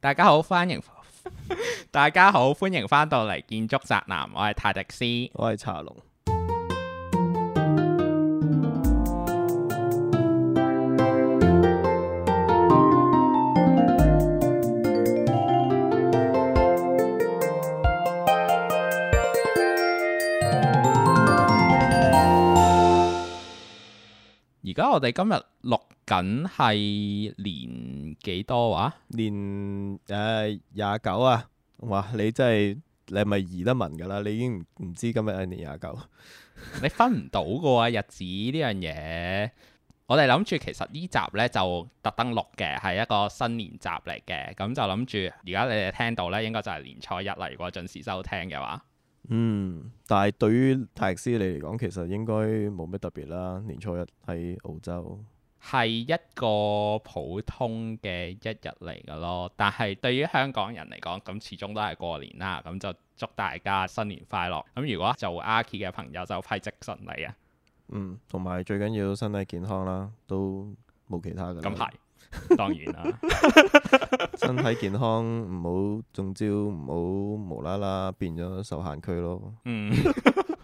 大家好，歡迎 大家好，歡迎翻到嚟建築宅男，我係泰迪斯，我係茶龍。而家我哋今日錄緊係年。幾多話？年誒廿九啊！哇、呃啊，你真係你係咪移得文㗎喇？你已經唔知今日係年廿九，你分唔到嘅喎日子呢樣嘢？ 我哋諗住其實呢集呢就特登錄嘅，係一個新年集嚟嘅。咁就諗住，而家你哋聽到呢應該就係年初一嚟喎。如果準時收聽嘅話，嗯，但係對於泰斯你嚟講，其實應該冇咩特別啦。年初一喺澳洲。係一個普通嘅一日嚟嘅咯，但係對於香港人嚟講，咁始終都係過年啦，咁就祝大家新年快樂。咁如果做 Archi 嘅朋友，就批則順利啊！嗯，同埋最緊要身體健康啦，都冇其他嘅。咁係、嗯，當然啦， 身體健康，唔好中招，唔好無啦啦變咗受限區咯。嗯。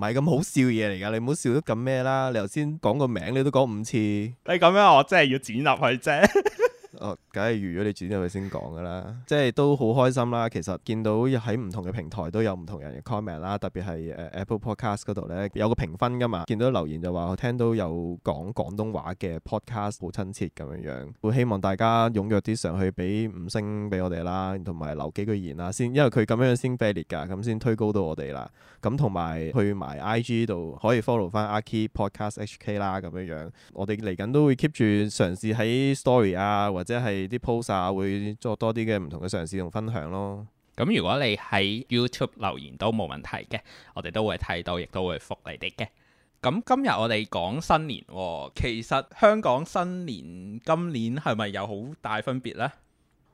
唔係咁好笑嘢嚟㗎，你唔好笑得咁咩啦！你頭先講個名，你都講五次，你咁、欸、樣我真係要剪入去啫。 哦，梗係預咗你轉入去先講噶啦， 即係都好開心啦。其實見到喺唔同嘅平台都有唔同人嘅 comment 啦，特別係 Apple Podcast 嗰度咧有個評分噶嘛。見到留言就話我聽到有講廣東話嘅 podcast 好親切咁樣樣，會希望大家踴躍啲上去俾五星俾我哋啦，同埋留幾句言啦先，因為佢咁樣先 validate 咁先推高到我哋啦。咁同埋去埋 IG 度可以 follow 翻 Archi Podcast HK 啦咁樣樣。我哋嚟緊都會 keep 住嘗試喺 story 啊或者。即係啲 poster 會做多啲嘅唔同嘅嘗試同分享咯。咁如果你喺 YouTube 留言都冇問題嘅，我哋都會睇到，亦都會覆你哋嘅。咁今日我哋講新年，其實香港新年今年係咪有好大分別呢？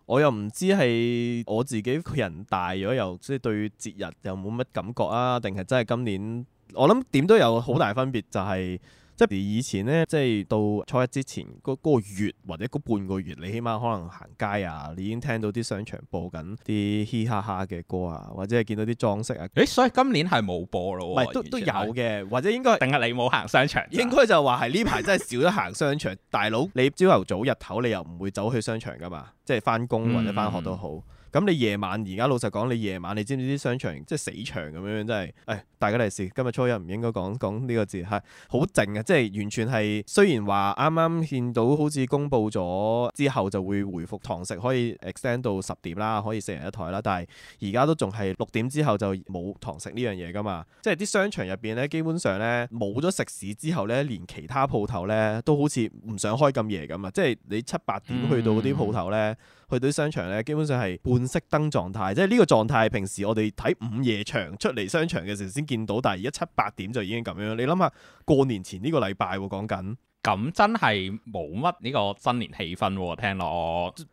我又唔知係我自己個人大咗，又即係對節日又冇乜感覺啊？定係真係今年我諗點都有好大分別，就係、是。即係以前呢，即係到初一之前嗰、嗰個月或者嗰半個月，你起碼可能行街啊，你已經聽到啲商場播緊啲嘻，嘻哈哈嘅歌啊，或者係見到啲裝飾啊。誒，所以今年係冇播咯都、啊、都有嘅，或者應該定係你冇行，行商場。應該就話係呢排真係少咗行商場。大佬，你朝頭早日頭你又唔會走去商場㗎嘛？即係返工或者返學都好。嗯。咁你夜晚而家老實講，你夜晚你知唔知啲商場即係死場咁樣樣，真係誒，大吉利是。今日初一唔應該講講呢個字，係好靜呀，即係完全係。雖然話啱啱見到好似公佈咗之後就會回復堂食可以 extend 到十點啦，可以四人一枱啦，但係而家都仲係六點之後就冇堂食呢樣嘢㗎嘛。即係啲商場入邊呢，基本上呢，冇咗食肆之後呢，連其他鋪頭呢都好似唔想開咁夜咁啊！即係你七八點去到嗰啲鋪頭呢。嗯去到啲商場咧，基本上係半熄燈狀態。嗯、即係呢個狀態。平時我哋睇午夜場出嚟商場嘅時候先見到，但係而家七八點就已經咁樣。你諗下過年前呢個禮拜喎講緊。咁真係冇乜呢個新年氣氛喎，啊，聽落，即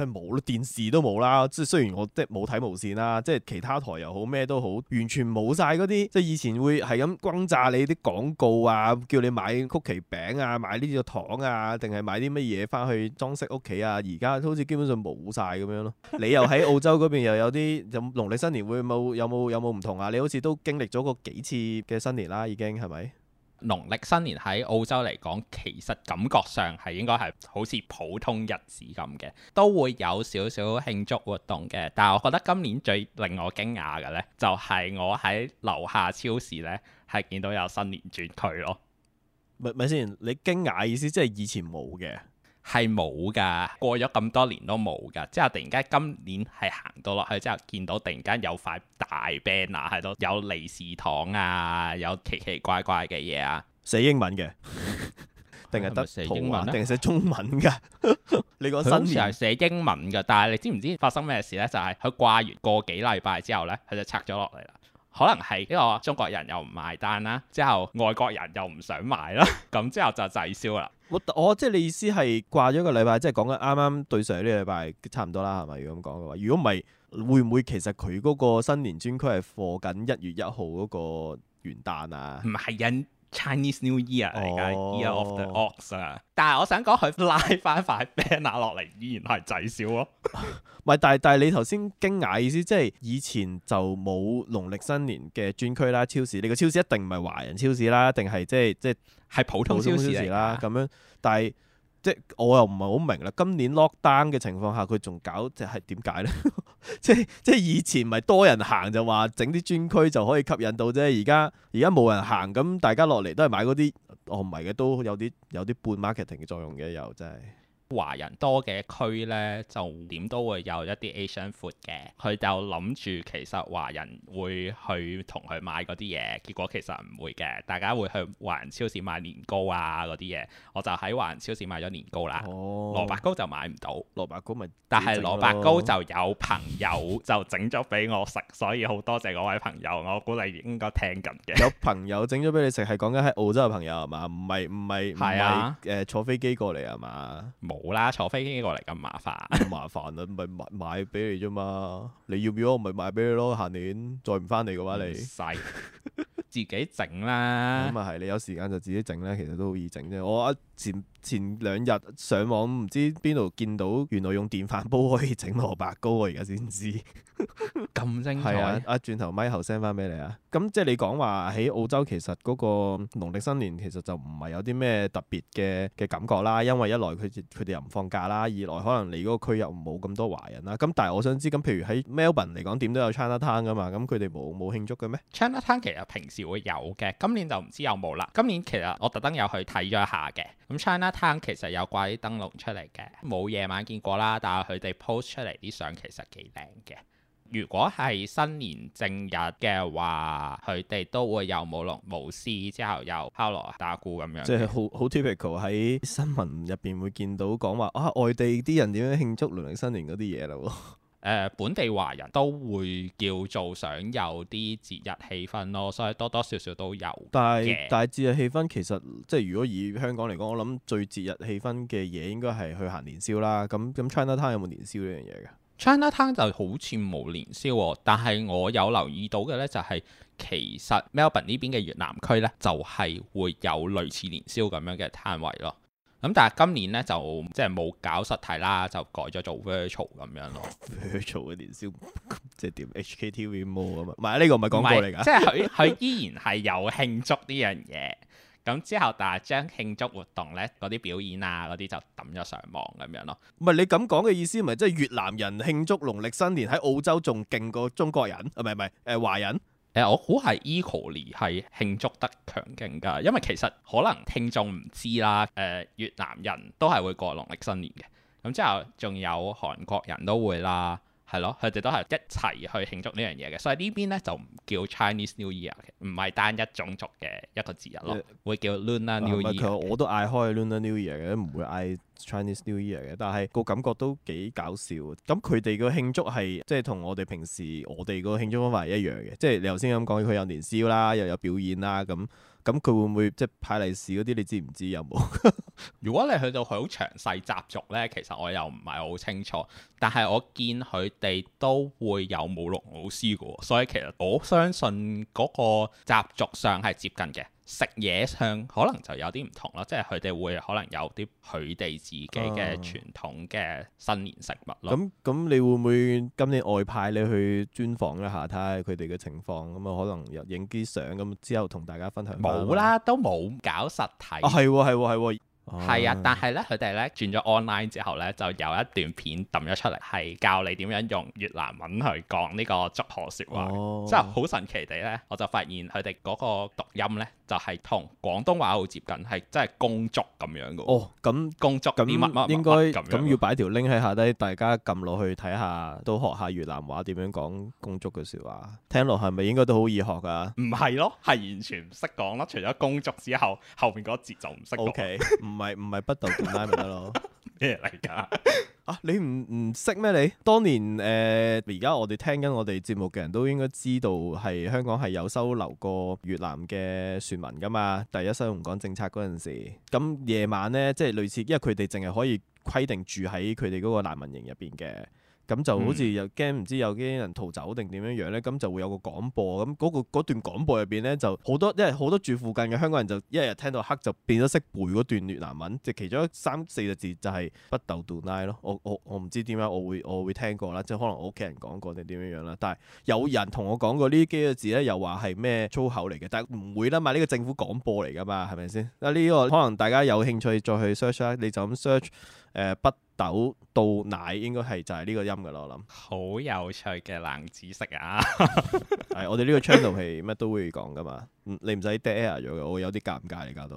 係冇咯，電視都冇啦。即係雖然我即冇睇無線啦，即係其他台又好咩都好，完全冇晒嗰啲即係以前會係咁轟炸你啲廣告啊，叫你買曲奇餅啊，買呢個糖啊，定係買啲乜嘢翻去裝飾屋企啊。而家好似基本上冇晒咁樣咯。你又喺澳洲嗰邊又有啲同你新年會冇有冇有冇唔同啊？你好似都經歷咗個幾次嘅新年啦，已經係咪？農曆新年喺澳洲嚟講，其實感覺上係應該係好似普通日子咁嘅，都會有少少少慶祝活動嘅。但係我覺得今年最令我驚訝嘅呢，就係我喺樓下超市呢，係見到有新年轉區咯。咪咪先，你驚訝嘅意思即係以前冇嘅？係冇噶，過咗咁多年都冇噶，之後突然間今年係行到落去之後，見到突然間有塊大 banner 喺度，有利是糖啊，有奇奇怪怪嘅嘢啊，寫英文嘅，定係得英文，定係寫中文噶？ 你講新字係寫英文噶，但係你知唔知發生咩事呢？就係、是、佢掛完個幾禮拜之後呢，佢就拆咗落嚟啦。可能係因為中國人又唔買單啦，之後外國人又唔想買啦，咁 之後就滯銷啦。我、哦、我即係你意思係掛咗個禮拜，即係講緊啱啱對上呢個禮拜差唔多啦，係咪？如果咁講嘅話，如果唔係，會唔會其實佢嗰個新年專區係貨緊一月一號嗰個元旦啊？唔係人。Chinese New Year 嚟噶，oh,，Year of the Ox 啊！但係我想講佢拉翻塊 banner 落嚟，依然係仔少咯。唔係， 但係但係你頭先驚訝嘅意思，即係以前就冇農曆新年嘅專區啦，超市你個超市一定唔係華人超市啦，一定係即係即係係普通超市啦咁，啊、樣，但係。即我又唔係好明啦。今年 lockdown 嘅情況下，佢仲搞即係點解咧？即係 即係以前咪多人行就話整啲專區就可以吸引到啫。而家而家冇人行，咁大家落嚟都係買嗰啲，哦唔係嘅都有啲有啲半 marketing 嘅作用嘅又真係。華人多嘅區呢，就點都會有一啲 Asian food 嘅，佢就諗住其實華人會去同佢買嗰啲嘢，結果其實唔會嘅，大家會去華人超市買年糕啊嗰啲嘢，我就喺華人超市買咗年糕啦，哦，蘿蔔糕就買唔到，蘿蔔糕咪，蘿蔔糕但係蘿蔔糕就有朋友就整咗俾我食，所以好多謝嗰位朋友，我估計應該聽緊嘅，有朋友整咗俾你食，係講緊喺澳洲嘅朋友係嘛，唔係唔係係，誒、啊呃、坐飛機過嚟係嘛，冇。冇啦，坐飛機過嚟咁麻煩， 咁麻煩啊，咪買買俾你啫嘛，你要唔要我咪買俾你咯，下年再唔翻嚟嘅話，你細用 自己整啦。咁啊係，就是、你有時間就自己整啦，其實都好易整啫，我、啊前前兩日上網唔知邊度見到，原來用電飯煲可以整蘿蔔糕，我而家先知咁 精彩。啊，啊轉頭咪後 send 翻俾你啊。咁即係你講話喺澳洲，其實嗰個農曆新年其實就唔係有啲咩特別嘅嘅感覺啦。因為一來佢佢哋又唔放假啦，二來可能你嗰個區又冇咁多華人啦。咁但係我想知，咁譬如喺 Melbourne 嚟講，點都有 China Town 㗎嘛？咁佢哋冇冇慶祝嘅咩？China Town 其實平時會有嘅，今年就唔知有冇啦。今年其實我特登有去睇咗一下嘅。咁 China Town 其實有掛啲燈籠出嚟嘅，冇夜晚見過啦。但係佢哋 post 出嚟啲相其實幾靚嘅。如果係新年正日嘅話，佢哋都會有舞龍舞獅，之後又敲鑼打鼓咁樣。即係好好 typical 喺新聞入邊會見到講話啊，外地啲人點樣慶祝農曆新年嗰啲嘢啦。呃、本地華人都會叫做想有啲節日氣氛咯，所以多多少少都有但。但係大節日氣氛其實即係如果以香港嚟講，我諗最節日氣氛嘅嘢應該係去行年宵啦。咁咁 China Town 有冇年宵呢樣嘢㗎？China Town 就好似冇年宵喎、啊，但係我有留意到嘅呢、就係，就係其實 Melbourne 呢邊嘅越南區呢，就係、係、會有類似年宵咁樣嘅攤位咯。咁但係今年咧就即係冇搞實體啦，就改咗做 virtual 咁樣咯。virtual 嘅年宵即係點 HKTV mall 啊唔係呢個唔係廣告嚟噶。 即係佢佢依然係有慶祝呢樣嘢，咁 之後但係將慶祝活動咧嗰啲表演啊嗰啲就抌咗上網咁樣咯。唔係 你咁講嘅意思，咪即係越南人慶祝農曆新年喺澳洲仲勁過中國人？唔係唔係誒，華人？誒、呃、我估係 equally 係慶祝得強勁㗎，因為其實可能聽眾唔知啦，誒、呃、越南人都係會過農曆新年嘅，咁之後仲有韓國人都會啦。係咯，佢哋都係一齊去慶祝呢樣嘢嘅，所以邊呢邊咧就唔叫 Chinese New Year 嘅，唔係單一種族嘅一個節日咯，會叫 Lunar New Year、嗯嗯嗯嗯嗯。我都嗌開 Lunar New Year 嘅，唔會嗌 Chinese New Year 嘅，但係個感覺都幾搞笑。咁佢哋個慶祝係即係同我哋平時我哋個慶祝方法係一樣嘅，即係你頭先咁講，佢有年宵啦，又有表演啦咁。咁佢會唔會即係、就是、派利是嗰啲？你知唔知有冇？ 如果你去到佢好詳細習俗呢，其實我又唔係好清楚。但係我見佢哋都會有舞龍老師嘅，所以其實我相信嗰個習俗上係接近嘅。食嘢上可能就有啲唔同咯，即係佢哋會可能有啲佢哋自己嘅傳統嘅新年食物咯。咁咁、啊，你會唔會今年外派你去專訪一下睇下佢哋嘅情況？咁、嗯、啊，可能入影啲相，咁之後同大家分享下。冇啦，都冇搞實體。係喎係喎係喎，係、喔喔喔、啊，啊！但係呢，佢哋呢轉咗 online 之後呢，就有一段片揼咗出嚟，係教你點樣用越南文去講呢個祝賀說話。即係好神奇地呢，我就發現佢哋嗰個讀音呢。就係同廣東話好接近，係真係恭祝咁樣噶。哦，咁恭祝咁乜應該咁樣要擺條 link 喺下低，大家撳落去睇下，都學下越南話點樣講恭祝嘅說話。聽落係咪應該都好易學噶？唔係咯，係完全唔識講咯。除咗恭祝之後，後面嗰節就唔識講。OK，唔係唔係不讀點拉咪得咯？咩嚟噶？ 啊，你唔唔識咩？你當年誒，而家我哋聽緊我哋節目嘅人都應該知道，係香港係有收留過越南嘅船民噶嘛。第一收貢港政策嗰陣時，咁夜晚咧，即係類似，因為佢哋淨係可以規定住喺佢哋嗰個難民營入邊嘅。咁、嗯、就好似又驚唔知有啲人逃走定點樣樣呢？咁就會有個廣播，咁、那、嗰、個、段廣播入邊呢，就好多，因為好多住附近嘅香港人就一日聽到黑就變咗識背嗰段越南文，即其中三四個字就係、是、不鬥度奈咯。我我我唔知點解我會我會聽過啦，即係可能我屋企人講過定點樣樣啦。但係有人同我講過呢幾個字呢，又話係咩粗口嚟嘅，但係唔會啦，嘛、這、呢個政府廣播嚟噶嘛，係咪先？嗱、這個，呢個可能大家有興趣再去 search 啦，你就咁 search 誒不。呃豆到奶應該係就係呢個音噶咯，我諗。好有趣嘅冷知識啊！係、 哎、我哋呢個 channel 係乜都會講噶嘛， 你唔使 dead air 咗嘅，我會有啲尷尬你搞到。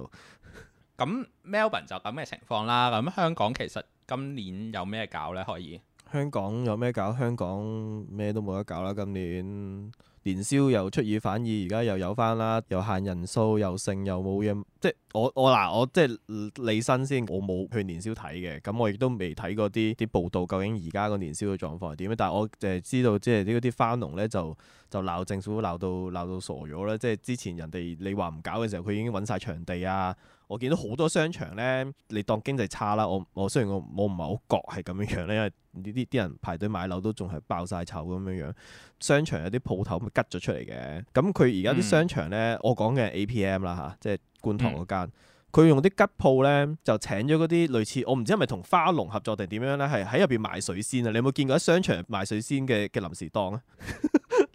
咁 Melbourne 就咁嘅情況啦。咁香港其實今年有咩搞呢？可以？香港有咩搞？香港咩都冇得搞啦！今年。年宵又出爾反爾，而家又有翻啦，又限人數，又剩，又冇嘢，即係我我嗱我，我即係理身先，我冇去年宵睇嘅，咁我亦都未睇過啲啲報道，究竟而家個年宵嘅狀況係點樣？但係我淨係知道，即係啲啲花農咧就就鬧政府鬧到鬧到傻咗啦！即係之前人哋你話唔搞嘅時候，佢已經揾晒場地啊！我見到好多商場呢，你當經濟差啦，我我雖然我我唔係好覺係咁樣樣咧，因為呢啲啲人排隊買樓都仲係爆晒籌咁樣樣，商場有啲鋪頭。吉咗出嚟嘅，咁佢而家啲商場呢，嗯、我講嘅 A P M 啦嚇，即係觀塘嗰間，佢、嗯、用啲吉鋪呢，就請咗嗰啲類似，我唔知係咪同花龍合作定點樣呢——係喺入邊賣水仙啊！你有冇見過喺商場賣水仙嘅嘅臨時檔啊？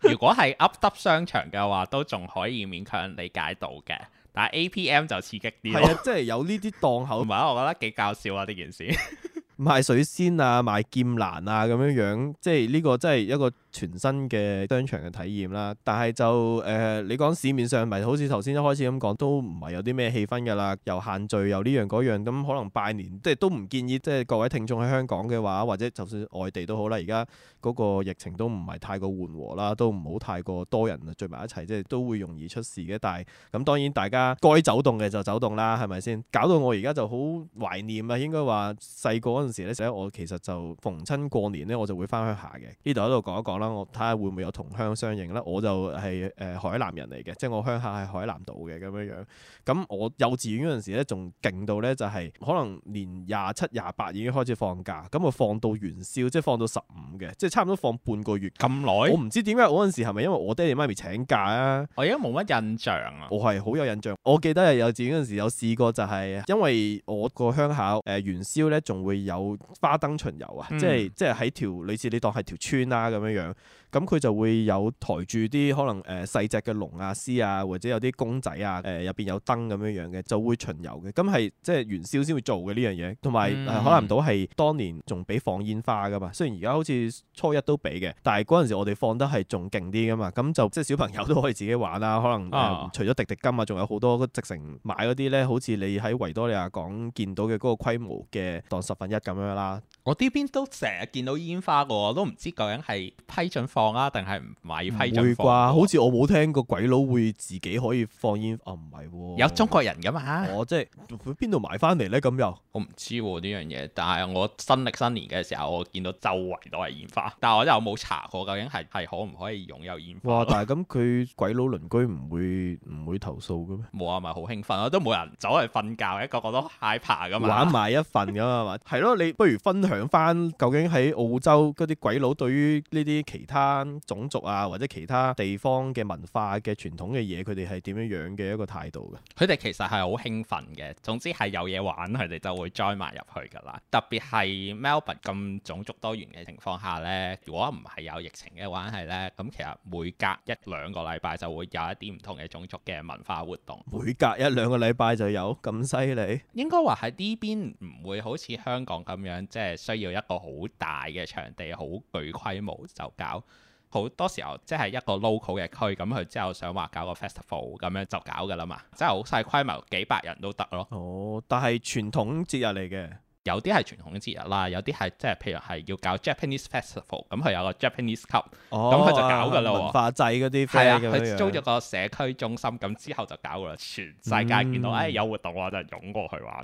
如果係屋邨商場嘅話，都仲可以勉強理解到嘅，但係 A P M 就刺激啲。係 啊，即、就、係、是、有呢啲檔口，同埋 我覺得幾搞笑啊！呢件事。賣水仙啊，賣劍蘭啊，咁樣樣，即係呢、呢個真係一個全新嘅商場嘅體驗啦。但係就誒、呃，你講市面上咪好似頭先一開始咁講，都唔係有啲咩氣氛㗎啦，又限聚又呢樣嗰樣，咁可能拜年即係都唔建議，即係各位聽眾喺香港嘅話，或者就算外地都好啦，而家嗰個疫情都唔係太過緩和啦，都唔好太過多人聚埋一齊，即係都會容易出事嘅。但係咁當然大家該走動嘅就走動啦，係咪先？搞到我而家就好懷念啊，應該話細個時咧，我其實就逢親過年咧，我就會翻鄉下嘅。呢度喺度講一講啦，我睇下會唔會有同鄉相應咧。我就係、是、誒、呃、海南人嚟嘅，即係我鄉下係海南島嘅咁樣樣。咁我幼稚園嗰陣時咧，仲勁到咧就係、是、可能年廿七廿八已經開始放假，咁就放到元宵，即係放到十五嘅，即係差唔多放半個月咁耐。我唔知點解嗰陣時係咪因為我爹哋媽咪請假啊？我而家冇乜印象啊。我係好有印象，我記得幼稚園嗰陣時有試過就係，因為我個鄉下誒、呃、元宵咧仲會有。有花燈巡遊啊，嗯、即係即係喺條，類似你當係條村啦、啊、咁樣樣。咁佢就會有抬住啲可能誒、呃、細隻嘅龍啊、獅啊，或者有啲公仔啊，誒入邊有燈咁樣樣嘅，就會巡遊嘅。咁係即係元宵先會做嘅呢樣嘢。同埋海南島係當年仲俾放煙花噶嘛，雖然而家好似初一都俾嘅，但係嗰陣時我哋放得係仲勁啲噶嘛。咁就即係小朋友都可以自己玩啦、啊。可能、啊呃、除咗滴滴金啊，仲有好多直成買嗰啲咧，好似你喺維多利亞港見到嘅嗰個規模嘅當十分一咁樣啦。我呢邊都成日見到煙花嘅喎，都唔知究竟係批准放啊定係唔買批准、啊、會啩？好似我冇聽過鬼佬會自己可以放煙。哦、啊，唔係喎，有中國人噶嘛？我、啊、即係邊度買翻嚟呢？咁又我唔知呢樣嘢，但係我新歷新年嘅時候，我見到周圍都係煙花，但係我真係冇查過究竟係係可唔可以擁有煙花？但係咁佢鬼佬鄰居唔會唔會投訴嘅咩？冇啊，咪好興奮咯！都冇人走去瞓覺一個個都 high 爬㗎嘛，玩埋一份咁啊嘛，係咯， 你不如分享。翻究竟喺澳洲嗰啲鬼佬對於呢啲其他種族啊，或者其他地方嘅文化嘅傳統嘅嘢，佢哋係點樣樣嘅一個態度嘅？佢哋其實係好興奮嘅，總之係有嘢玩，佢哋就會 join 埋入去㗎啦。特別係 Melbourne 咁種族多元嘅情況下呢，如果唔係有疫情嘅話係呢，咁其實每隔一兩個禮拜就會有一啲唔同嘅種族嘅文化活動，每隔一兩個禮拜就有？咁犀利。應該話喺呢邊唔會好似香港咁樣，即係。需要一個好大嘅場地，好具規模就搞，好多時候，即係一個 local 嘅區，咁佢之後想話搞個 festival 咁樣就搞噶啦嘛，即係好細規模，幾百人都得咯。哦，但係傳統節日嚟嘅，有啲係傳統節日啦，有啲係即係譬如係要搞 Japanese festival，咁佢有個 Japanese cup，咁佢、哦、就搞噶啦。哦啊、文化祭嗰啲係啊，佢樣租咗個社區中心，咁之後就搞噶啦。全世界見到唉、嗯哎、有活動啊，就湧過去玩。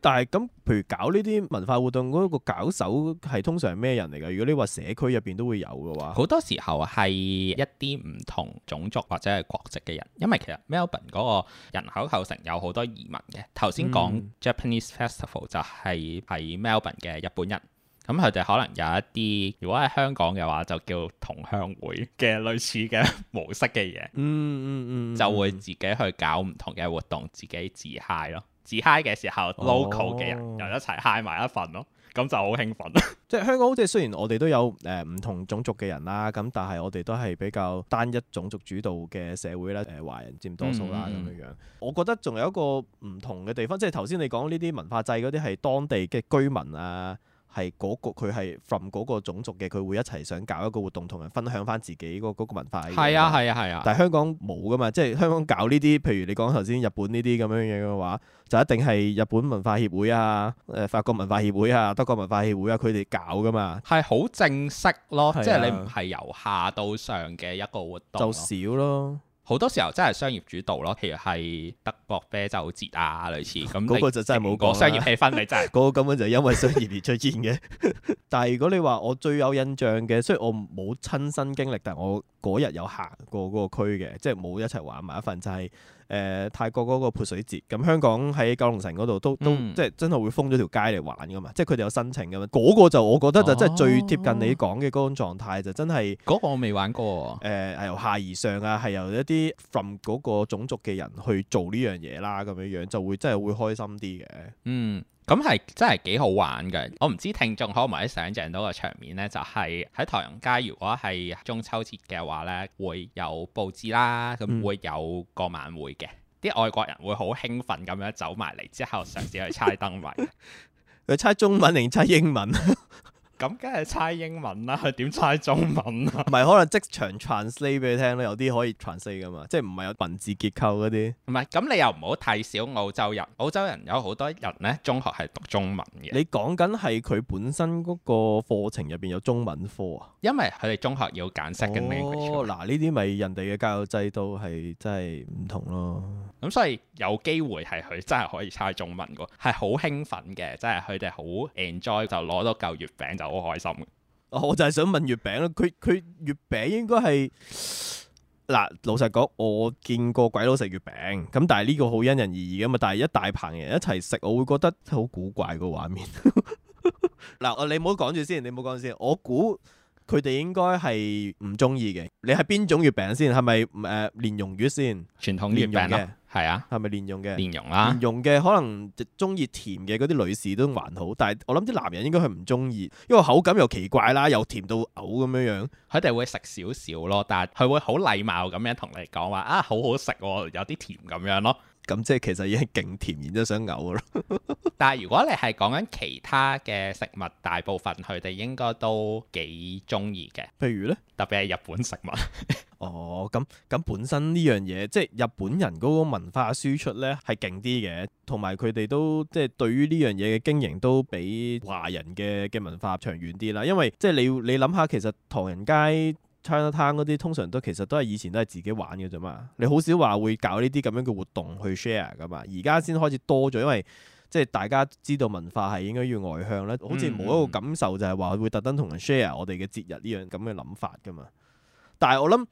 但係咁，譬如搞呢啲文化活動嗰個搞手係通常係咩人嚟㗎？如果你話社區入邊都會有嘅話，好多時候係一啲唔同種族或者係國籍嘅人，因為其實 Melbourne 嗰個人口構成有好多移民嘅。頭先講 Japanese festival 就係係 Melbourne 嘅日本人，咁佢哋可能有一啲，如果喺香港嘅話就叫同鄉會嘅類似嘅模式嘅嘢，嗯，嗯嗯嗯，就會自己去搞唔同嘅活動，自己自嗨咯。自 high 嘅時候，local 嘅、哦、人又一齊 high 埋一份咯，咁就好興奮。即係香港，即係雖然我哋都有誒唔、呃、同種族嘅人啦，咁但係我哋都係比較單一種族主導嘅社會啦，誒、呃、華人佔多數啦咁樣、嗯、樣。我覺得仲有一個唔同嘅地方，即係頭先你講呢啲文化祭嗰啲係當地嘅居民啊。係嗰、那個佢係 from 嗰個種族嘅，佢會一齊想搞一個活動，同人分享翻自己嗰嗰、那個文化嘅。係啊係啊係啊！啊啊但係香港冇㗎嘛，即係香港搞呢啲，譬如你講頭先日本呢啲咁樣樣嘅話，就一定係日本文化協會啊、誒法國文化協會啊、德國文化協會啊，佢哋搞㗎嘛。係好正式咯，啊、即係你唔係由下到上嘅一個活動。就少咯。好多時候真係商業主導咯，譬如係德國啤酒節啊，類似，咁嗰個就真係冇講商業氣氛，你真係嗰個根本就因為商業而出現嘅。 但係如果你話我最有印象嘅，雖然我冇親身經歷，但係我。嗰日有行過嗰個區嘅，即係冇一齊玩埋一份，就是，就係誒泰國嗰個潑水節。咁香港喺九龍城嗰度都、嗯、都即係真係會封咗條街嚟玩噶嘛，即係佢哋有申請噶嘛。嗰、嗰個就我覺得就真係最貼近你講嘅嗰種狀態，就真係嗰、哦呃、個我未玩過，哦。誒、呃，係由下而上啊，係由一啲 from 嗰個種族嘅人去做呢、啊、樣嘢啦，咁樣樣就會真係會開心啲嘅。嗯。咁係真係幾好玩嘅，我唔知聽眾可唔可以想象到個場面呢？就係喺唐人街，如果係中秋節嘅話呢，會有佈置啦，咁會有個晚會嘅，啲外國人會好興奮咁樣走埋嚟，之後嘗試去猜燈謎，去 猜中文定猜英文。 咁梗係猜英文啦，啊，佢點猜中文啊？唔係可能即場 translate 俾你聽咯，有啲可以 translate 噶嘛，即係唔係有文字結構嗰啲？唔係，咁你又唔好太少澳洲人。澳洲人有好多人咧，中學係讀中文嘅。你講緊係佢本身嗰個課程入邊有中文科啊？因為佢哋中學要揀 second language。嗱，呢啲咪人哋嘅教育制度係真係唔同咯。咁所以有機會係佢真係可以猜中文噶，係好興奮嘅，即係佢哋好 enjoy 就攞到嚿月餅就。好開心嘅，我就係想問月餅啦，佢佢月餅應該係嗱，老實講，我見過鬼佬食月餅，咁但係呢個好因人而異噶嘛，但係一大棚人一齊食，我會覺得好古怪個畫面。嗱， 你唔好講住先，你唔好講住先，我估佢哋應該係唔中意嘅。你係邊種月餅先？係咪誒蓮蓉月先？傳統月餅啊。係啊，係咪蓮蓉嘅？蓮蓉啦，蓮蓉嘅可能就中意甜嘅嗰啲女士都還好，但係我諗啲男人應該係唔中意，因為口感又奇怪啦，又甜到嘔咁樣樣，佢哋會食少少咯，但係佢會好禮貌咁樣同你講話啊，好好食，有啲甜咁樣咯。咁即係其實已經勁甜，然之後想嘔咯。 但係如果你係講緊其他嘅食物，大部分佢哋應該都幾中意嘅。譬如咧，特別係日本食物。 哦，咁咁本身呢樣嘢，即係日本人嗰個文化輸出咧係勁啲嘅，同埋佢哋都即係對於呢樣嘢嘅經營都比華人嘅嘅文化長遠啲啦。因為即係你你諗下，其實唐人街。Chinatown 嗰啲通常都其實都係以前都係自己玩嘅啫嘛，你好少話會搞呢啲咁樣嘅活動去 share 噶嘛，而家先開始多咗，因為即係大家知道文化係應該要外向咧，好似冇一個感受就係話會特登同人 share 我哋嘅節日呢樣咁嘅諗法噶嘛，但係我諗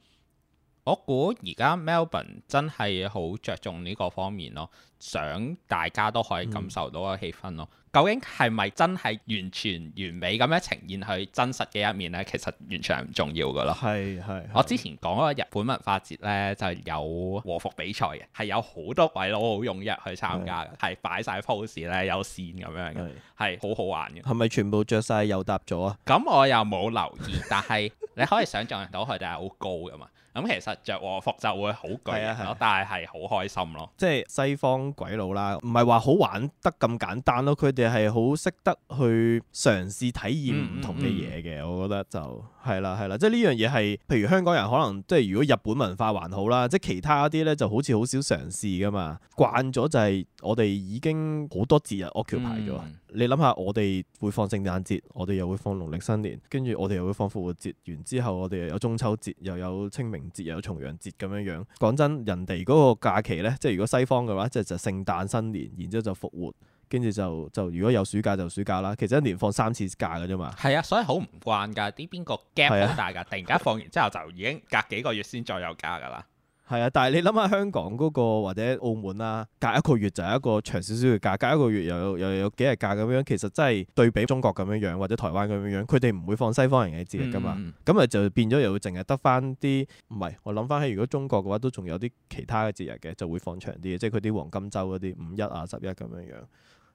我估而家 Melbourne 真係好着重呢個方面咯，想大家都可以感受到個氣氛咯。究竟係咪真係完全完美咁樣呈現佢真實嘅一面呢？其實完全唔重要噶咯。係，係。我之前講嗰個日本文化節呢就有和服比賽嘅，係有好多鬼佬好踴躍去參加嘅，係是擺晒 pose 咧，有線咁樣嘅，係好是好玩嘅。係咪全部着晒又搭咗啊？咁我又冇留意， 但係你可以想象到佢哋係好高噶嘛。咁其實着和服就會好攰咯，是啊、是但係係好開心咯。即係西方鬼佬啦，唔係話好玩得咁簡單咯。佢哋係好識得去嘗試體驗唔同嘅嘢嘅，嗯嗯，我覺得就係啦係啦。即係呢樣嘢係，譬如香港人可能即係如果日本文化還好啦，即係其他啲咧就好似好少嘗試噶嘛。慣咗就係我哋已經好多節日 occupy 咗。嗯嗯你諗下，我哋會放聖誕節，我哋又會放農曆新年，跟住我哋又會放復活節。完之後，我哋又有中秋節，又有清明節，又有重陽節咁樣樣。講真，人哋嗰個假期咧，即係如果西方嘅話，即係就聖誕、新年，然之後就復活，跟住就就如果有暑假就暑假啦。其實一年放三次假噶啫嘛。係啊，所以好唔慣噶，啲邊個 gap 好大噶，是啊、突然間放完之後就已經隔幾個月先再有假噶啦。係啊，但係你諗下香港嗰、嗰個或者澳門啦、啊，隔一個月就係一個長少少嘅假，隔一個月又有又有幾日假咁樣，其實真係對比中國咁樣樣或者台灣咁樣樣，佢哋唔會放西方人嘅節日㗎嘛。咁啊、嗯、就變咗又會淨係得返啲，唔係我諗返起如果中國嘅話都仲有啲其他嘅節日嘅，就會放長啲嘅，即係佢啲黃金周嗰啲五一啊十一咁樣樣，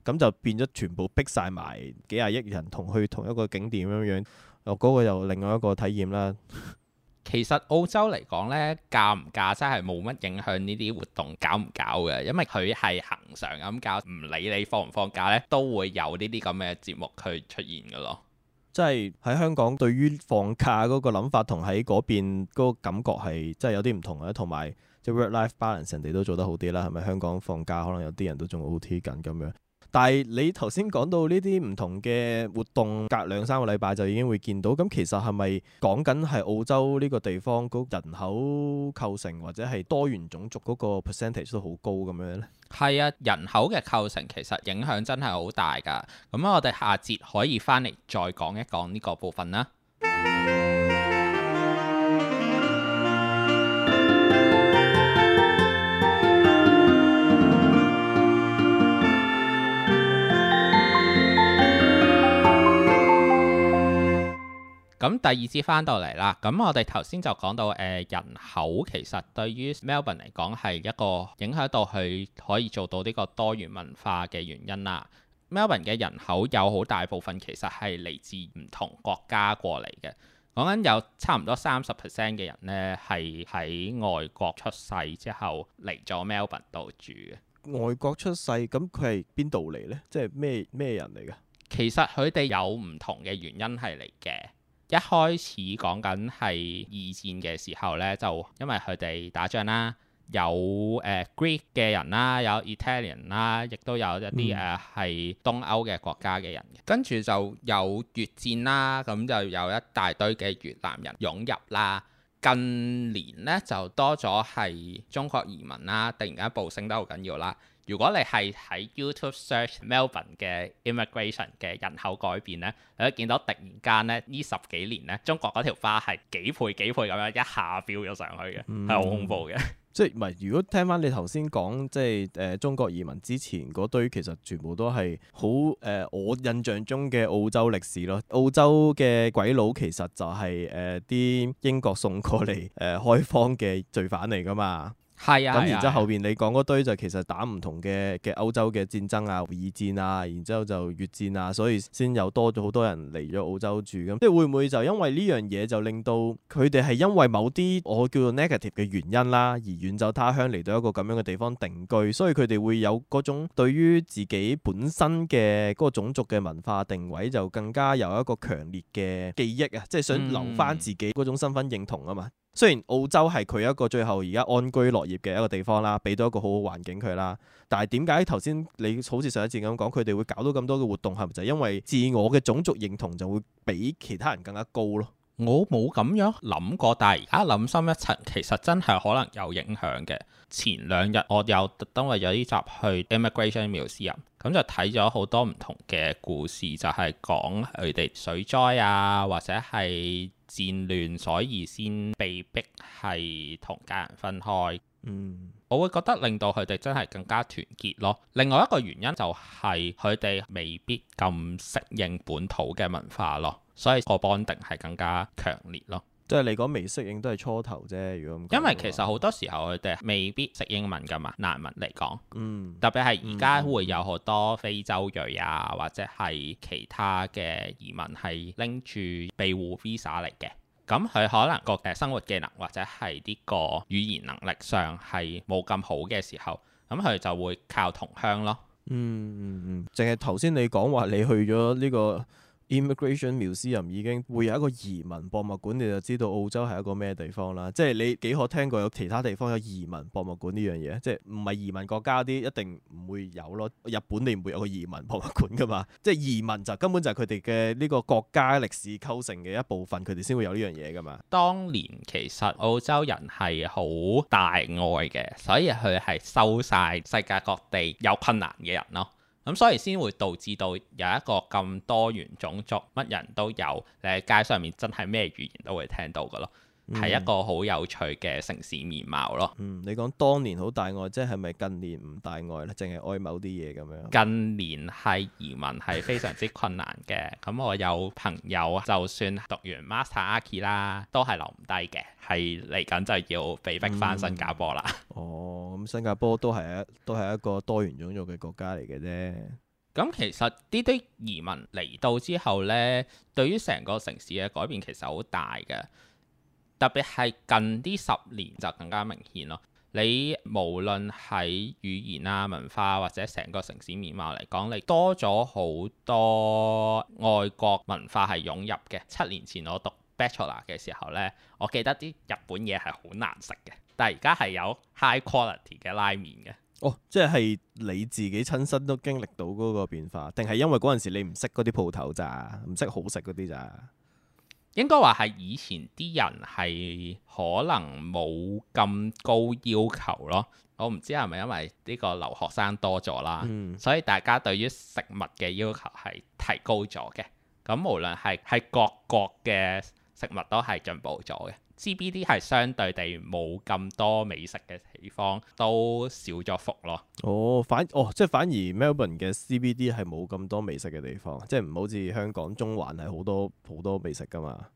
咁就變咗全部逼晒埋幾廿億人同去同一個景點咁樣樣，嗰、嗰個又另外一個體驗啦。 其實澳洲嚟講呢假唔假真係冇乜影響呢啲活動搞唔搞嘅，因為佢係恒常咁搞，唔理你放唔放假呢，都會有呢啲咁嘅節目去出現噶咯。即係喺香港對於放假嗰個諗法同喺嗰邊嗰個感覺係即係有啲唔同嘅，同埋即係 work-life balance 人哋都做得好啲啦，係咪香港放假可能有啲人都仲 OT 緊咁樣？但係你頭先講到呢啲唔同嘅活動，隔兩三個禮拜就已經會見到，咁其實係咪講緊係澳洲呢個地方嗰人口構成或者係多元種族嗰個 percentage 都好高咁樣呢？係啊，人口嘅構成其實影響真係好大噶。咁我哋下節可以翻嚟再講一講呢個部分啦。 咁第二次返到嚟啦。咁我哋頭先就講到誒、呃、人口其實對於 Melbourne 嚟講係一個影響到佢可以做到呢個多元文化嘅原因啦。Melbourne 嘅人口有好大部分其實係嚟自唔同國家過嚟嘅。講緊有差唔多三十 percent 嘅人咧係喺外國出世之後嚟咗 Melbourne 度住嘅。外國出世咁佢係邊度嚟呢？即係咩咩人嚟㗎？其實佢哋有唔同嘅原因係嚟嘅。一開始講緊係二戰嘅時候呢，就因為佢哋打仗啦，有誒、呃、Greek 嘅人啦，有 Italian 啦，亦都有一啲誒係東歐嘅國家嘅人的。跟住就有越戰啦，咁就有一大堆嘅越南人湧入啦。近年呢，就多咗係中國移民啦，突然間暴升得好緊要啦。如果你係喺 YouTube search Melbourne 嘅 immigration 嘅人口改變咧，你都見到突然間咧呢十幾年咧，中國嗰條花係幾倍幾倍咁樣一下飆咗上去嘅，係好、嗯、恐怖嘅。即係唔係？如果聽翻你頭先講，即係誒、呃、中國移民之前嗰堆其實全部都係好誒，我印象中嘅澳洲歷史咯。澳洲嘅鬼佬其實就係誒啲英國送過嚟誒、呃、開荒嘅罪犯嚟噶嘛。係啊，咁然之後後邊你講嗰堆就其實打唔同嘅嘅歐洲嘅戰爭啊、二戰啊，然之後就越戰啊，所以先有多咗好多人嚟咗澳洲住。咁即係會唔會就因為呢樣嘢就令到佢哋係因為某啲我叫做 negative 嘅原因啦，而遠走他鄉嚟到一個咁樣嘅地方定居，所以佢哋會有嗰種對於自己本身嘅嗰個種族嘅文化定位就更加有一個強烈嘅記憶啊，即係想留翻自己嗰種身份認同啊嘛。嗯雖然澳洲係佢一個最後而家安居樂業嘅一個地方啦，俾到一個好好環境佢啦，但係點解頭先你好似上一節咁講，佢哋會搞到咁多嘅活動，係咪就因為自我嘅種族認同就會比其他人更加高咯？我冇咁樣諗過，但係而家諗深一層，其實真係可能有影響嘅。前兩日我又特登為咗呢集去 Immigration Museum 入，咁就睇咗好多唔同嘅故事，就係、是、講佢哋水災啊，或者係，戰亂，所以先被逼係同家人分開。嗯，我會覺得令到佢哋真係更加團結咯。另外一個原因就係佢哋未必咁適應本土嘅文化咯，所以個 bonding 係更加強烈咯。即係你講未適應都係初頭啫。如果因為其實好多時候佢哋未必識英文噶嘛，難民嚟講，嗯、特別係而家會有好多非洲裔啊，嗯、或者係其他嘅移民係拎住庇護 visa 嚟嘅。咁佢可能個生活技能或者係呢個語言能力上係冇咁好嘅時候，咁佢就會靠同鄉咯。嗯嗯嗯，淨係頭先你講話你去咗呢、呢個。Immigration Museum 已經會有一個移民博物館，你就知道澳洲係一個咩地方啦。即係你幾可聽過有其他地方有移民博物館呢樣嘢？即係唔係移民國家啲一定唔會有咯。日本你唔會有個移民博物館噶嘛？即係移民就根本就係佢哋嘅呢個國家歷史構成嘅一部分，佢哋先會有呢樣嘢噶嘛。當年其實澳洲人係好大愛嘅，所以佢係收晒世界各地有困難嘅人咯。咁所以先會導致到有一個咁多元種族，乜人都有，你喺街上面真係咩語言都會聽到㗎囉。係一個好有趣嘅城市面貌咯。嗯，你講當年好大愛，即係咪近年唔大愛咧？淨係愛某啲嘢咁樣。近年係移民係非常之困難嘅。咁 我有朋友就算讀完 Master Archi 啦，都係留唔低嘅，係嚟緊就要被逼翻新加坡啦、嗯。哦，咁新加坡都係一都係一個多元種族嘅國家嚟嘅啫。咁其實呢啲移民嚟到之後呢，對於成個城市嘅改變其實好大嘅。特別係近啲十年就更加明顯咯。你無論喺語言啊、文化或者成個城市面貌嚟講，你多咗好多外國文化係湧入嘅。七年前我讀 Bachelor 嘅時候呢，我記得啲日本嘢係好難食嘅，但係而家係有 high quality 嘅拉麵嘅。哦，即係你自己親身都經歷到嗰個變化，定係因為嗰陣時你唔識嗰啲鋪頭咋，唔識好食嗰啲咋？應該話係以前啲人係可能冇咁高要求咯，我唔知係咪因為呢個留學生多咗啦，所以大家對於食物嘅要求係提高咗嘅。咁無論係係各國嘅食物都係進步咗嘅。CBD 係相對地冇咁多美食嘅地方，都少咗福咯哦。哦，反哦，即係反而 Melbourne 嘅 CBD 係冇咁多美食嘅地方，即係唔好似香港中環係好多好多美食㗎嘛。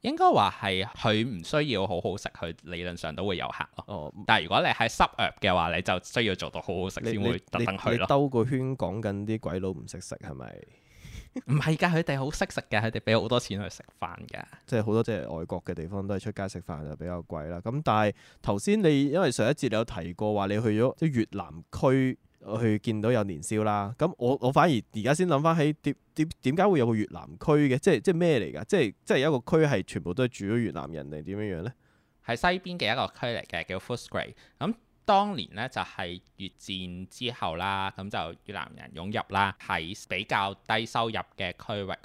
應該話係佢唔需要好好食，佢理論上都會有客咯。哦、但係如果你喺 Suburb 嘅話，你就需要做到好好食先會特登去咯。你你兜個圈講緊啲鬼佬唔識食係咪？唔係㗎，佢哋好識食㗎，佢哋俾好多錢去食飯㗎。即係好多即係外國嘅地方都係出街食飯就比較貴啦。咁但係頭先你因為上一節你有提過話你去咗即係越南區去見到有年宵啦。咁我我反而而家先諗翻起點點點解會有個越南區嘅？即係即係咩嚟㗎？即係即係一個區係全部都係住咗越南人定點樣樣咧？係西邊嘅一個區嚟嘅，叫 Footscray。咁當年咧就係越戰之後啦，咁就越南人湧入啦，喺比較低收入嘅區域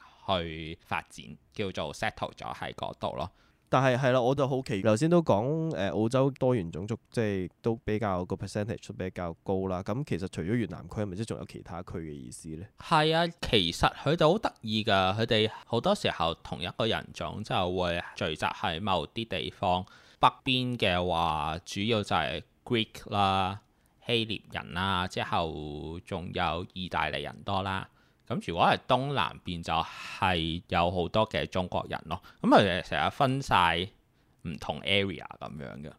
去發展，叫做 settle 咗喺嗰度咯。但係係啦，我就好奇，頭先都講誒、呃、澳洲多元種族，即係都比較個 percentage 比較高啦。咁其實除咗越南區，係咪即仲有其他區嘅意思呢？係啊，其實佢哋好得意㗎，佢哋好多時候同一個人種就會聚集喺某啲地方。北邊嘅話，主要就係、是。Greek 啦、 希臘人啦，之後仲有意大利人多啦。咁如果係東南邊就係有好多嘅中國人咯。咁誒成日分晒唔同 area 咁樣嘅。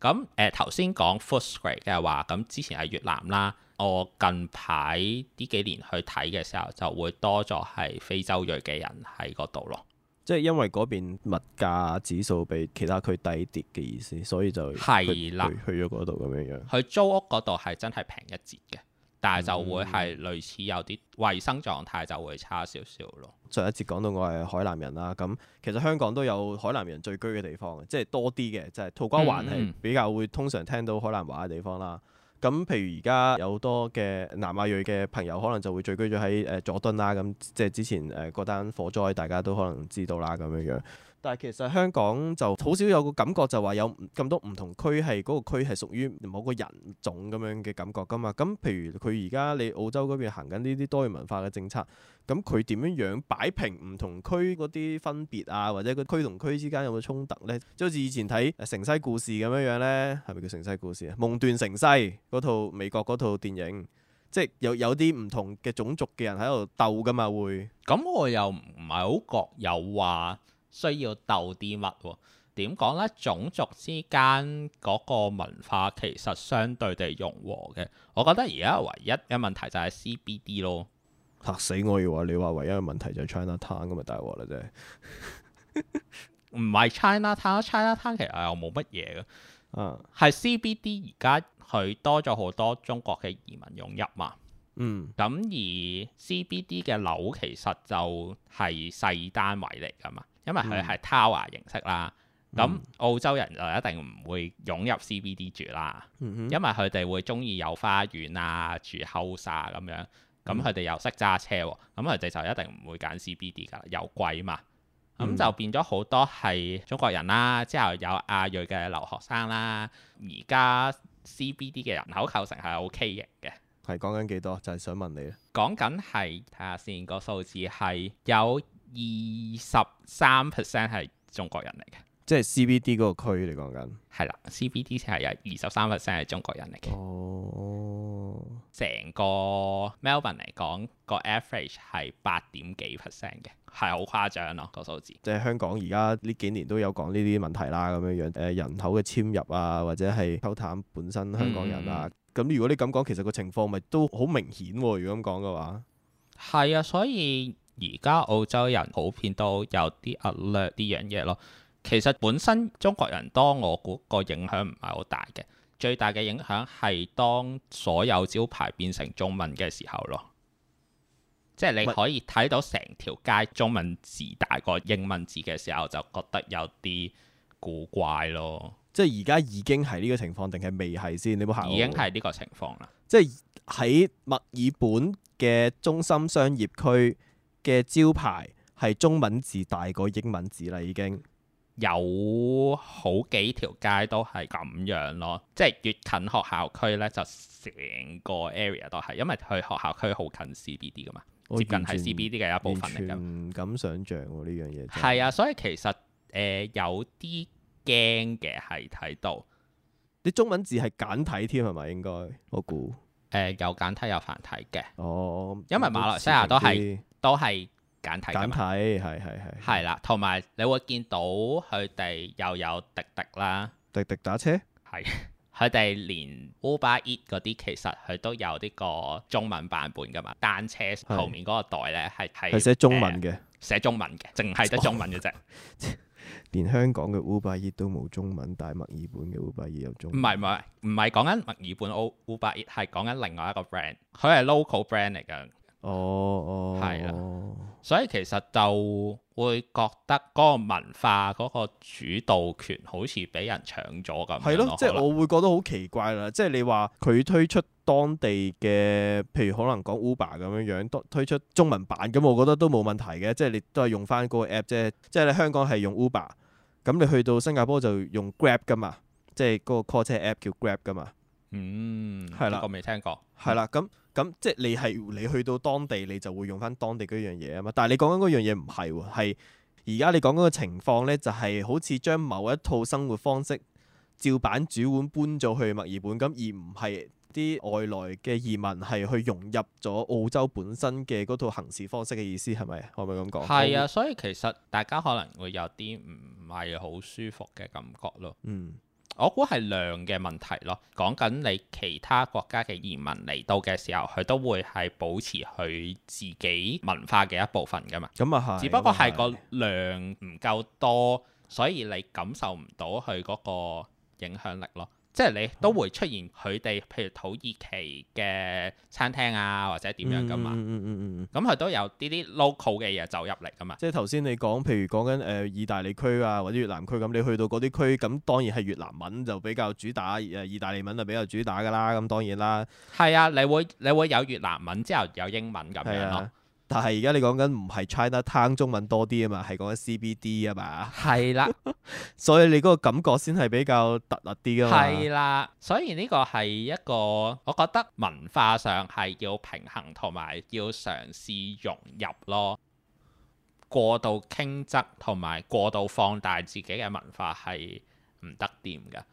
咁誒頭先講 Footscray 嘅話，咁之前係越南啦。我近排呢幾年去睇嘅時候，就會多咗係非洲裔嘅人喺嗰度咯。即係因為嗰邊物價指數比其他區低啲嘅意思，所以就去的去咗嗰度咁樣樣。去租屋嗰度係真係平一截嘅，但係就會係類似有啲衞生狀態就會差少少咯。上、嗯、一節講到我係海南人啦，咁其實香港都有海南人聚居嘅地方嘅，即係多啲嘅就係土瓜灣係比較會通常聽到海南話嘅地方啦。嗯嗯。咁譬如而家有好多嘅南亞裔嘅朋友，可能就會聚居咗喺誒佐敦啦。咁即係之前誒嗰單火災，大家都可能知道啦。咁樣。但係其實香港就好少有個感覺，就話有咁多唔同區係嗰個區係屬於某個人種咁樣嘅感覺噶嘛。咁譬如佢而家你澳洲嗰邊行緊呢啲多元文化嘅政策，咁佢點樣樣擺平唔同區嗰啲分別啊，或者個區同區之間有冇衝突呢？即好似以前睇《城西故事》咁樣樣呢，係咪叫《城西故事》啊？《夢斷城西》嗰套美國嗰套電影，即係有有啲唔同嘅種族嘅人喺度鬥噶嘛，會。咁我又唔係好覺有話。需要鬥啲乜？點講呢？種族之間嗰個文化其實相對地融和嘅。我覺得而家唯一嘅問題就係 CBD 咯，嚇死我！以為你話唯一嘅問題就係 Ch Ch China Town 咁啊，大鑊啦！啫。唔係 China Town？China Town 其實又冇乜嘢嘅，嗯、啊，係 CBD 而家佢多咗好多中國嘅移民湧入嘛，嗯，咁而 CBD 嘅樓其實就係細單位嚟㗎嘛。因為佢係 tower 形式啦，咁、嗯、澳洲人就一定唔會湧入 CBD 住啦，嗯、哼因為佢哋會中意有花園啊，住 house 咁樣，咁佢哋又識揸車喎、啊，咁佢哋就一定唔會揀 CBD 噶，又貴嘛，咁、嗯、就變咗好多係中國人啦，之後有亞裔嘅留學生啦，而家 CBD 嘅人口構成係 OK 型嘅，係講緊幾多？就係、是、想問你啊，講緊係睇下先，個數字係有。二十三 percent 係中國人嚟嘅，即係 CBD 嗰個區嚟講緊，係啦，CBD 係有二十三 percent 係中國人嚟嘅。哦，成個 Melbourne 嚟講，個 average 係八點幾 percent 嘅，係好誇張咯，個數字。即係香港而家呢幾年都有講呢啲問題啦，咁樣樣誒、呃、人口嘅遷入啊，或者係溝淡本身香港人啊。咁、嗯、如果你咁講，其實個情況咪都好明顯喎、啊。如果咁講嘅話，係啊，所以。而家澳洲人普遍都有啲壓力啲樣嘢咯。其實本身中國人多，我估個影響唔係好大嘅。最大嘅影響係當所有招牌變成中文嘅時候咯，即係你可以睇到成條街中文字大過英文字嘅時候，就覺得有啲古怪咯。即係而家已經係呢個情況定係未係先？你冇行已經係呢個情況啦。即係喺墨爾本嘅中心商業區。嘅招牌係中文字大過英文字啦，已經有好幾條街都係咁樣咯。即係越近學校區呢，就成個 area 都係，因為佢學校區好近 CBD 噶嘛，哦、接近喺 CBD 嘅一部分嚟噶。唔敢想像呢樣嘢。係啊，所以其實誒、呃、有啲驚嘅係睇到啲中文字係簡體添，係咪應該？我估誒、呃、有簡體有繁體嘅哦，因為馬來西亞都係。都係簡體噶嘛？簡體係係係。係啦，同埋你會見到佢哋又有滴滴啦。滴滴打車係佢哋連 Uber Eats 嗰啲，其實佢都有呢個中文版本噶嘛。單車後面嗰個袋咧係係。係寫中文嘅。寫中文嘅，淨係寫中文嘅啫。連香港嘅 Uber Eats 都冇中文，但係墨爾本嘅 Uber Eats 有中文。唔係唔係唔係，講緊墨爾本 Uber Eats 係講緊另外一個 brand，佢係 local brand 嚟㗎。哦，哦，係啦，所以其實就會覺得嗰個文化嗰個主導權好似俾人搶咗咁。係咯，即係我會覺得好奇怪啦。即係你話佢推出當地嘅，譬如可能講 Uber 咁樣樣，推出中文版咁，我覺得都冇問題嘅。即係你都係用翻嗰個 app 啫。即係你香港係用 Uber，咁你去到新加坡就用 Grab 噶嘛。即係嗰個 call 車 app 叫 Grab 噶嘛。嗯，係啦，我未聽過。係啦，咁咁即係你係你去到當地，你就會用翻當地嗰樣嘢啊嘛。但係你講緊嗰樣嘢唔係喎，係而家你講緊嘅情況呢，就係好似將某一套生活方式照板煮碗搬咗去墨爾本咁，而唔係啲外來嘅移民係去融入咗澳洲本身嘅嗰套行事方式嘅意思係咪？可唔可以咁講？係啊，的會所以其實大家可能會有啲唔係好舒服嘅感覺咯。嗯。我估係量嘅問題咯，講緊你其他國家嘅移民嚟到嘅時候，佢都會係保持佢自己文化嘅一部分㗎嘛。咁啊係，只不過係個量唔夠多，所以你感受唔到佢嗰個影響力咯。即係你都會出現佢哋，譬如土耳其嘅餐廳啊，或者點樣噶嘛。咁佢都有啲啲 local 嘅嘢走入嚟啊嘛。即係頭先你講，譬如講緊誒意大利區啊，或者越南區咁，你去到嗰啲區，咁當然係越南文就比較主打，誒意大利文就比較主打㗎啦。咁當然啦。係啊，你會你會有越南文之後有英文咁樣咯。但係而家你講緊唔係 China Tang 中文多啲啊嘛，係講緊 CBD 啊嘛，係啦的， 所以你嗰個感覺先係比較突兀啲啊嘛，係啦，所以呢個係一個我覺得文化上係要平衡同埋要嘗試融入咯，過度傾側同埋過度放大自己嘅文化係唔得掂噶，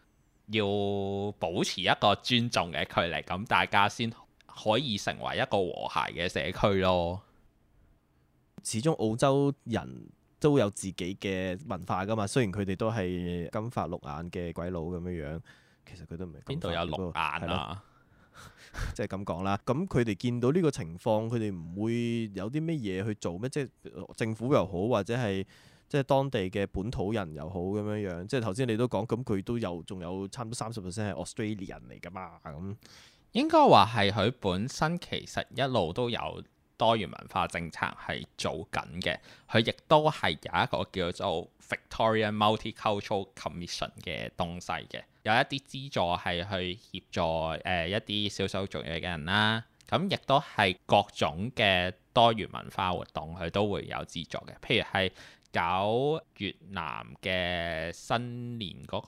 要保持一個尊重嘅距離，咁大家先可以成為一個和諧嘅社區咯。始終澳洲人都有自己嘅文化噶嘛，雖然佢哋都係金髮綠眼嘅鬼佬咁樣樣，其實佢都唔係邊度有綠眼係即係咁講啦。咁佢哋見到呢個情況，佢哋唔會有啲咩嘢去做咩？即係政府又好，或者係即係當地嘅本土人又好咁樣樣。即係頭先你都講，咁佢都有仲有差唔多三十 percent 係 Australia 人嚟噶嘛？咁應該話係佢本身其實一路都有。多元文化政策係做緊嘅，佢亦都係有一個叫做 Victorian Multicultural Commission 嘅東西嘅，有一啲資助係去協助誒、呃、一啲小手做嘢嘅人啦。咁亦都係各種嘅多元文化活動，佢都會有資助嘅，譬如係搞越南嘅新年嗰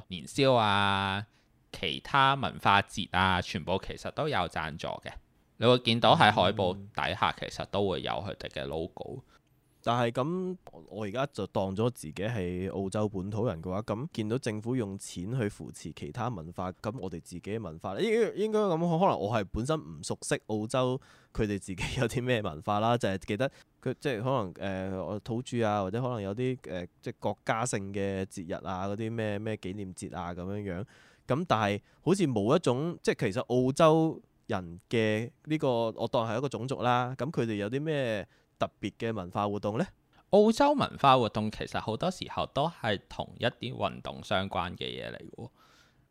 個年宵啊，其他文化節啊，全部其實都有贊助嘅。你會見到喺海報底下其實都會有佢哋嘅 logo，、嗯、但係咁我而家就當咗自己係澳洲本土人嘅話，咁見到政府用錢去扶持其他文化，咁我哋自己嘅文化應該應該咁可能我係本身唔熟悉澳洲佢哋自己有啲咩文化啦，就係、是、記得佢即係可能誒、呃、土著啊，或者可能有啲誒、呃、即係國家性嘅節日啊，嗰啲咩咩紀念節啊咁樣樣，咁但係好似冇一種即係其實澳洲。人嘅呢個我當係一個種族啦，咁佢哋有啲咩特別嘅文化活動呢？澳洲文化活動其實好多時候都係同一啲運動相關嘅嘢嚟嘅喎，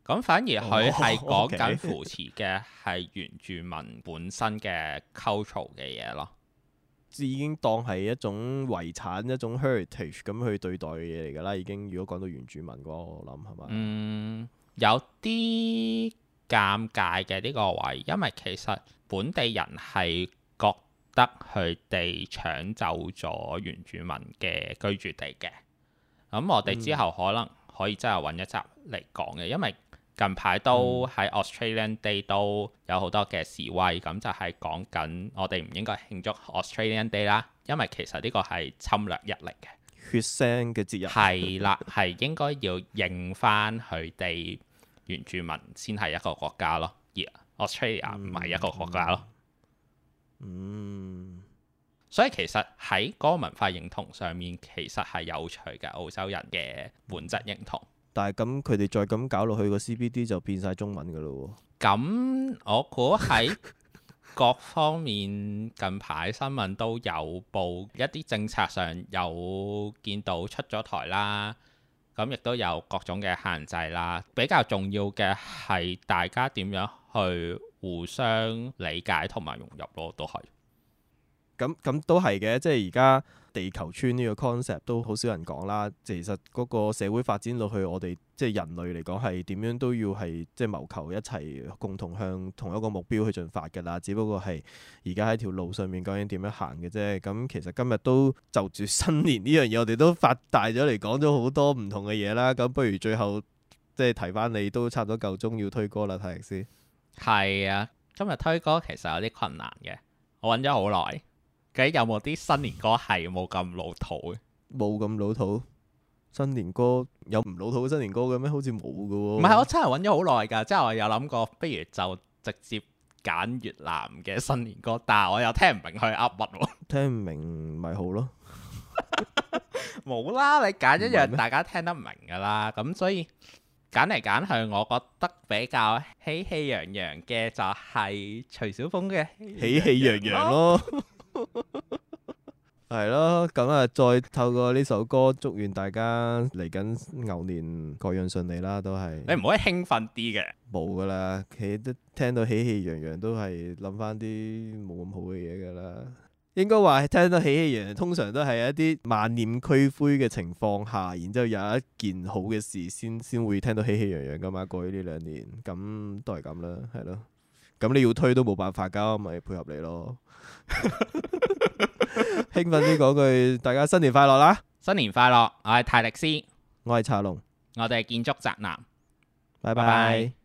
咁反而佢係講緊扶持嘅係原住民本身嘅 culture 嘅嘢咯，哦 okay、 已經當係一種遺產一種 heritage 咁去對待嘅嘢嚟㗎啦。已經如果講到原住民嘅話，我諗係咪？嗯，有啲。尷尬嘅呢、這個位，因為其實本地人係覺得佢哋搶走咗原住民嘅居住地嘅。咁我哋之後可能可以真係揾一集嚟講嘅，因為近排都喺 Australian Day 都有好多嘅示威，咁、嗯嗯、就係講緊我哋唔應該慶祝 Australian Day 啦，因為其實呢個係侵略日嚟嘅血腥嘅節日。係啦，係 應該要認翻佢哋。原住民先係一個國家咯，而 Australia 唔係一個國家咯。嗯，嗯，所以其實喺嗰個文化認同上面，其實係有趣嘅澳洲人嘅本質認同。但係咁佢哋再咁搞落去，個 CBD 就變晒中文嘅咯。咁、嗯、我估喺各方面 近排新聞都有報，一啲政策上有見到出咗台啦。咁亦都有各種嘅限制啦，比較重要嘅係大家點樣去互相理解同埋融入咯，都係。咁咁都係嘅，即係而家。嗯嗯嗯嗯嗯地球村呢個 concept 都好少人講啦，其實嗰個社會發展落去，我哋即係人類嚟講係點樣都要係即係謀求一齊共同向同一個目標去進發嘅啦。只不過係而家喺條路上面究竟點樣行嘅啫。咁其實今日都就住新年呢樣嘢，我哋都發大咗嚟講咗好多唔同嘅嘢啦。咁不如最後即係提翻你都差唔多夠鐘要推歌啦，泰力斯。係啊，今日推歌其實有啲困難嘅，我揾咗好耐。咁有冇啲新年歌係冇咁老土嘅？冇咁老土，新年歌有唔老土嘅新年歌嘅咩？好似冇㗎喎。唔係，我真係揾咗好耐噶。之後我有諗過，不如就直接揀越南嘅新年歌。但係我又聽唔明佢噏乜。聽唔明咪好咯。冇啦，你揀一樣大家聽得明噶啦。咁所以揀嚟揀去，我覺得比較喜氣洋洋嘅就係徐小鳳嘅喜氣洋洋咯。係咯，咁啊， 再透過呢首歌，祝願大家嚟緊牛年各樣順利啦，都係你唔可以興奮啲嘅，冇噶啦，起都聽到喜氣洋洋，都係諗翻啲冇咁好嘅嘢噶啦，應該話聽到喜氣洋洋，通常都係一啲萬念俱灰嘅情況下，然之後有一件好嘅事先先會聽到喜氣洋洋噶嘛，過咗呢兩年，咁都係咁啦，係咯。咁你要推都冇辦法㗎，咪配合你咯。 興奮啲講句，大家新年快樂啦！新年快樂，我係泰力斯，我係茶龍，我哋係建築宅男，拜拜 bye。Bye bye